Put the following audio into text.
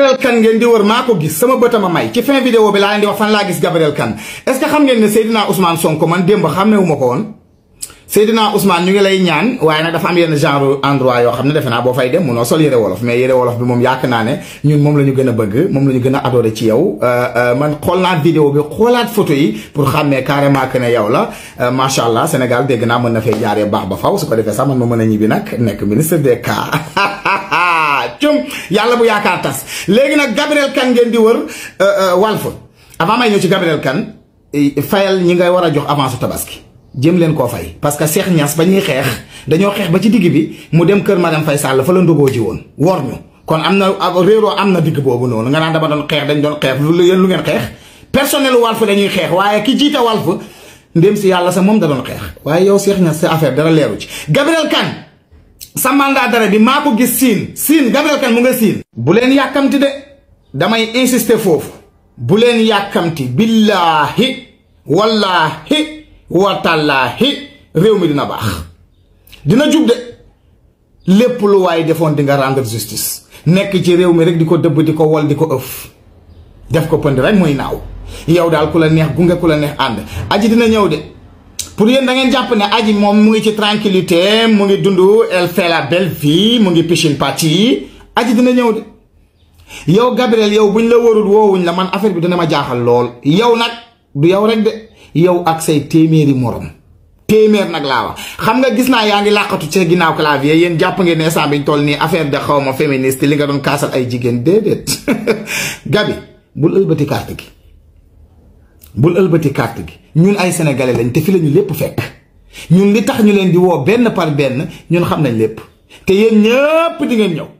Gabrielle Kane ngeen di wër maa ko gis sama bëtama may ci fin vidéo bi laa leen di wax fan laa gis Gabrielle Kane est xam ngeen ne Seydina Ousmane Sonko man démb xam ko woon Seydina Ousmane ñu ngi lay ñaan waaye nag dafa am yenn genre endroit yoo xam ne defe naa boo fay dem munoo sol yére wolof mais yére wolof bi moom yaakaar naa ne ñun moom la gën a bëgg moom la ñu gën a adoré ci yow euh, euh, man xool naa vidéo bi xoolaat photo yi pour xàmmee carrément que la euh, macha allah Sénégal dégg naa mën na fee ba a ñibbi nag yàlla bu yaakaar tas léegi nag Gabriel Kane ngeen di wër euh, euh, Walf avant may ñoo ci Gabriel kan euh, fayal ñi ngay war a jox avance tabaski jëm leen koo fay parce que Cheikh Niass ba ñuy xeex dañoo xeex ba ci digg bi mu dem kër ma madame fay Sall fa la ndogoo ji woon wor ñu kon am na réeroo am na digg boobu noonu nga naan dama doon xeex dañ doon xeex lu lu ngeen xeex personnel Walf dañuy xeex waaye ki jiite Walf ndéem si yàlla sa moom da doon xeex waaye yow seex Niass sa affaire dara leeru ci Gabriel Kane sa mandat d'arrêt bi maa ko gis siin siin Gabriel Kane mu nga siin bu leen yàkkamti de damay insister foofu bu leen yàkkamti billaahi wallaahi watallaahi réew mi dina baax dina jub de lépp lu waaye defoon di nga rendre justice nekk ci réew mi rek di ko dëbb di ko wol di ko ëf def ko pënd rek mooy naaw yow daal ku la neex gunge ku la neex ànd aji dina ñëw de pour yéen da jàpp ne aji moom mu ngi ci tranquillité mu ngi dund elle fait la belle vie mu ngi piscine party aji dina ñëw de yow Gabriel yow buñ la warul woowuñ la man affaire bi dana ma jaaxal lool yow nag du yow rek de yow ak say téeméeri moroom téeméer nag laa wax xam nga gis naa yaa ngi làqatu ci ginnaaw clavier yéen jàpp ngeen ne bi ñu toll nii affaire de xaw ma féministe li nga doon kaasal ay jigéen déedéet Gabi bul ëlbati carte gi bul ëlbati gi ñun ay sénégalais lañ te fi lañu ñu lépp fekk ñun li tax ñu leen di woo benn par benn ñun xam nañ lépp te yéen ñëpp di ngeen ñëw.